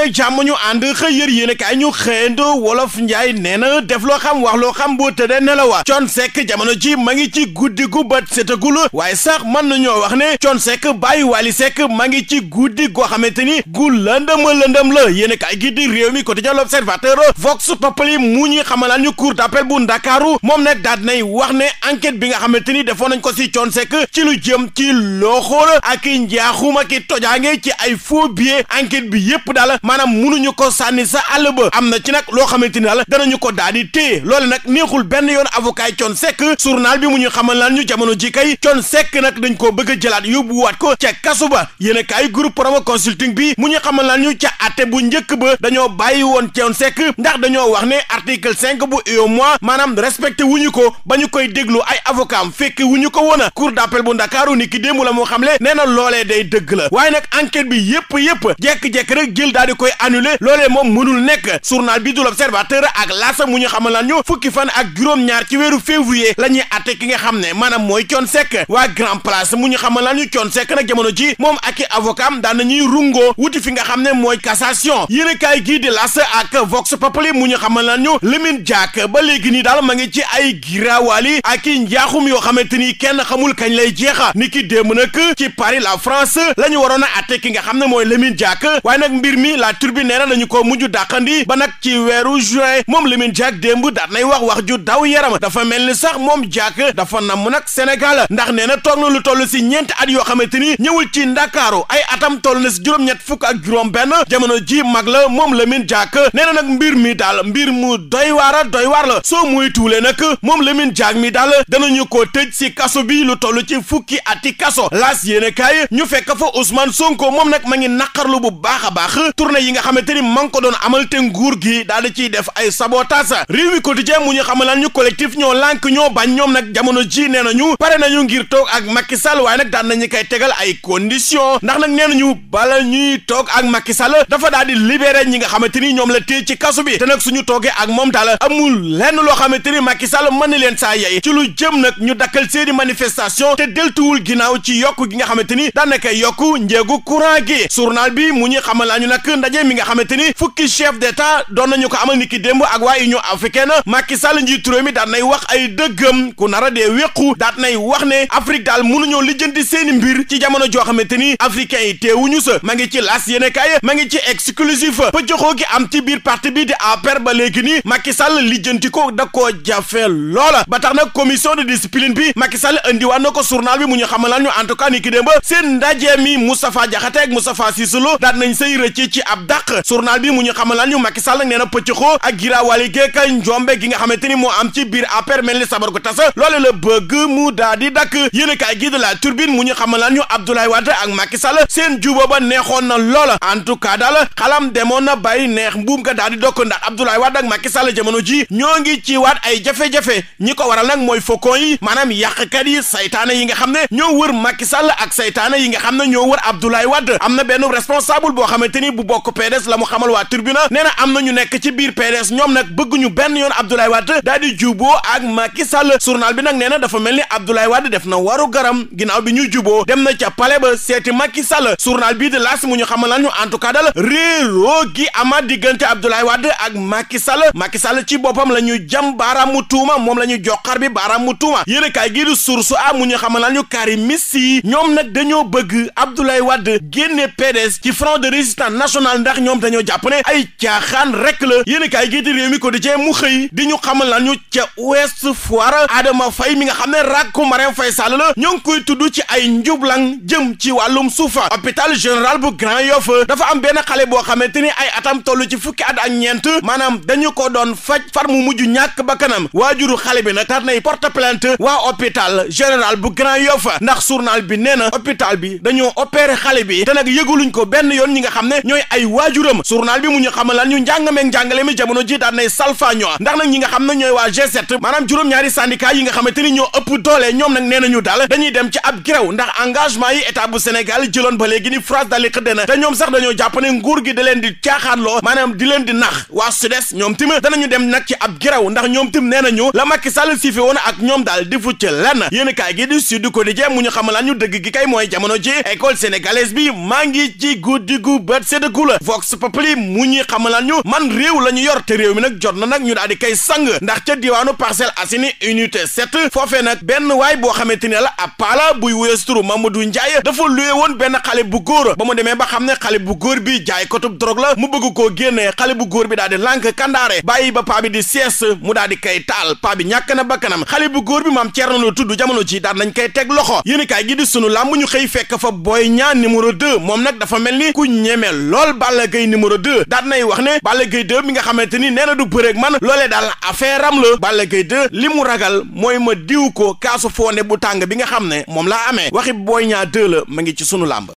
dalee jàmm ñu ànd xëy yër yéen kaay ñu xëyando wolof njaay nee na def loo xam wax loo xam boo tëddee ne la waa Thione Seck jamono ji ma ngi ci guddi gu bët setagul waaye sax mën nañoo wax ne Thione Seck bàyyi Wally sek ma ngi ci guddi goo xamante ni gu lëndëm lëndëm la yéen kaay gi di réew mi quotidien l'observateur Vox Populi mu ñuy xamalaan ñu cour d'appel bu Ndakaaru moom nag daal nay wax ne enquête bi nga xamante ni defoon nañ ko si Thione sek ci lu jëm ci loxool ak njaaxuma ki tojaange ci ay faux billets enquête bi maanaam munuñu ko sànni sa àll ba am na ci nag loo xamante ni daal danañu ko daal di téye loole nag neexul benn yoon avocat Thione Seck journal bi mu ñu xamal laan ñu jamono ji kay Thione Seck nag dañ koo bëgg a yóbbu yóbbuwaat ko ca kasu ba yéen kaay groupe promo consulting bi mu ñu xamal laan ñu ca atte bu njëkk ba dañoo bàyyi woon Thione Seck ndax dañoo wax ne article cinq bu UEMOA maanaam respecté wuñu ko ba ñu koy déglu ay avocat am fekk ñu ko woon a cour d'appel Ndakaaru ni ki démb la moo xamle nee na loolee day dëgg la waaye nag enquête bi yëpp yëpp jekk-jekk rek jël daal koy annulé loolee moom mënul nekk journal bi du l'observateur ak laasa mu ñu xamal lan ñu fukki fan ak juróom-ñaar ci weeru février la ñuy atte ki nga xam ne maanaam mooy Thione Seck waa grand place mu ñu xamal lan ñu Thione Seck nag jamono ji moom ak i avocat daan nañuy rungoo wuti fi nga xam ne mooy cassation yéen kaay gii di laasa ak vox populi mu ñu xamal lan ñu Lamine jaak ba léegi nii daal ma ngi ci ay giraawaali ak i njaaxum yoo xamante ni kenn xamul kañ lay jeexa ni ki démb nag la France la ñu waroon a atte ki nga xam ne mooy Lamine Diack waaye mbir mi la tribune nee na dañu ko mujj dàqandi ba nag ci weeru juin moom Lamine Diack démb daat nay wax wax ju daw yaram dafa mel ni sax moom Diack dafa namm nag Sénégal ndax nee na toog na lu toll si ñeenti at yoo xamante ni ñëwul ci ndakaaru ay atam toll na si juróom-ñett fukk ak juróom-benn jamono ji mag la moom Lamine Diack nee na nag mbir mi daal mbir mu doy waar doy waar la soo muy tuule nag moom Lamine Diack mi daal danañu ko tëj si kaso bii lu toll ci fukki ati kaso laas yéene ñu fekk fa Ousmane moom nag ma ngi naqarlu bu baax a baax tournée yi nga xamante ni ma ngi ko doon amal te nguur gi daal di def ay sabotage réew mi quotidien mu ñu xamal lan ñu collectif ñoo lànk ñoo bañ ñoom nag jamono ji nee nañu pare nañu ngir toog ak Macky Sall waaye nag daan nañu koy tegal ay condition ndax nag nee nañu bala ñuy toog ak Macky Sall dafa daal di libéré ñi nga xamante ni ñoom la téye ci kasu bi te nag suñu toogee ak moom daal amul lenn loo xamante ni Macky Sall mën na leen saa yey ci lu jëm nag ñu dakkal seeni manifestation te deltuwul ginnaaw ci yokk gi nga xamante ni daanaka yokk njéegu courant gi journal bi mu ñu xamal ndaje mi nga xamante ni fukki chef d'état doon nañu ko amal ni ki démb ak waa Union africaine Macky Sall njiitu réew mi daat nay wax ay dëggam ku nar a dee wéqu daat nay wax ne Afrique daal mënuñoo lijjanti seeni mbir ci jamono joo xamante ni africain yi teewuñu sa ngi ci las yéene kaay ma ngi ci exclusif pëccaxoo gi am ci biir parti bi di APR ba léegi ni Macky Sall lijjanti ko da koo jafe loola ba tax nag commission de discipline bi Macky Sall indiwaat na ko journal bi mu ñu xamalaan ñu en tout cas ni ki démb seen ndaje mi Moustapha Diakhaté ak Moustapha nañ say ci ab dàq journal bi mu ñu xamalaan ñu Macky Sall nee na pëccëxoo ak giraawaali geeka njombe gi nga xamante ni moo am ci biir APR mel ni sabar ko tasa loole la bëgg mu daa di dakk yéen a kaay gi de la turbine mu ñu xamalaan ñu Abdoulaye ak Macky Sall seen juba ba neexoon na loola en tout cas daal xalam demoon na bàyyi neex mbuum nga daa di dokk ndax Abdoulaye Wade ak Macky Sall jamono ji ñoo ngi ci waat ay jafe-jafe ñi ko waral nag mooy faucon yi maanaam yàqkat yi saytaane yi nga xam ne ñoo wër Macky Sall ak saytaane yi nga xam ne ñoo wër Abdoulaye Wade am na benn responsable boo xamante ni bu bokk bokk PDS la mu xamal waa tribune nee na am na ñu nekk ci biir PDS ñoom nag bëgguñu benn yoon Abdoulaye Wade bi nag nee na dafa mel ni Abdoulaye Wade def na waru garam ginnaaw bi ñu juboo dem na ca palais ba seeti Macky Sall journal bii de laas mu ñu xamal nañu en tout cas gi ama diggante Abdoulaye Wade ak Macky Sall ci bopam la ñu jam baaraamu tuuma moom la ñu joxar bi baaraamu tuuma yéen kaay gii di source a mu ñu xamal nañu Karim Missi ñoom nag dañoo bëgg Abdoulaye Wade génne PDS ci front de résistance nationale national ndax ñoom dañoo jàpp ne ay caaxaan rek la yéen kaay gii di réew mi quotidien mu xëy di ñu xam la ñu ca Ouest Foire Adama fay mi nga xam ne rakku Marème Faye Sall la ñoo ngi koy tudd ci ay njublang jëm ci wàllum suufa hôpital général bu Grand Yoff dafa am benn xale boo xamante ni ay atam tollu ci fukki at ak ñeent maanaam dañu ko doon faj far mu mujj ñàkk ba bakkanam waajuru xale bi nag tar nay porte plainte waa hôpital général bu Grand Yoff ndax journal bi nee na hôpital bi dañoo opéré bi te nag yëguluñ ko benn yoon ñi nga xam ay waajuram journal bi mu ñu xamal lan ñu njàngameeg njàngale mi jamono ji daan yi nga ñoo ndax engagement yi état bu Sénégal jëloon ba léegi ni France dali xëdde na te nguur gi da leen di caaxaanloo maanaam di nax waa SUDES ñoom tim danañu dem nag ci ab grève ndax ñoom tim nee nañu la Macky Sall si fi ak ñoom daal di fucc lenn yéen kaay di Sud Quotidien mu ñu xamal ñu dëgg gi kay mooy jamono ji école sénégalaise bi maa ngi ci guddi gu bët séddagul la vox populi mu ñuy xamalaan ñu man réew la ñu yor te réew mi nag jot na nag ñu daal di koy sang ndax ca diwaanu Parcelles Assainies unité 7 foofee nag benn waay boo xamante ne la ab paala buy wéesturu Mamadou Ndiaye dafa luye woon benn xale bu góor ba mu demee ba xam ne xale bu góor bi jaay kotub drogue la mu bëgg koo génnee xale bu góor bi daal di lànk kandaare bàyyi ba paa bi di sees mu daal kay koy taal paa bi ñàkk na bakkanam xale bu góor bi maam Thierno la tudd jamono ji daan nañ koy teg loxo yéen kaay gi di sunu làmb ñu xëy fekk fa Boy Niang moom nag dafa mel Balla Gaye numéro 2 daat nay wax ne Balla Gaye 2 mi nga xamante ni nee du bëreeg man loolee daal affaire am la Balla Gaye 2 li mu ragal mooy ma diw ko kaasu foone bu tàng bi nga xam ne moom laa amee waxi Boy Niang 2 la ma ngi ci sunu làmb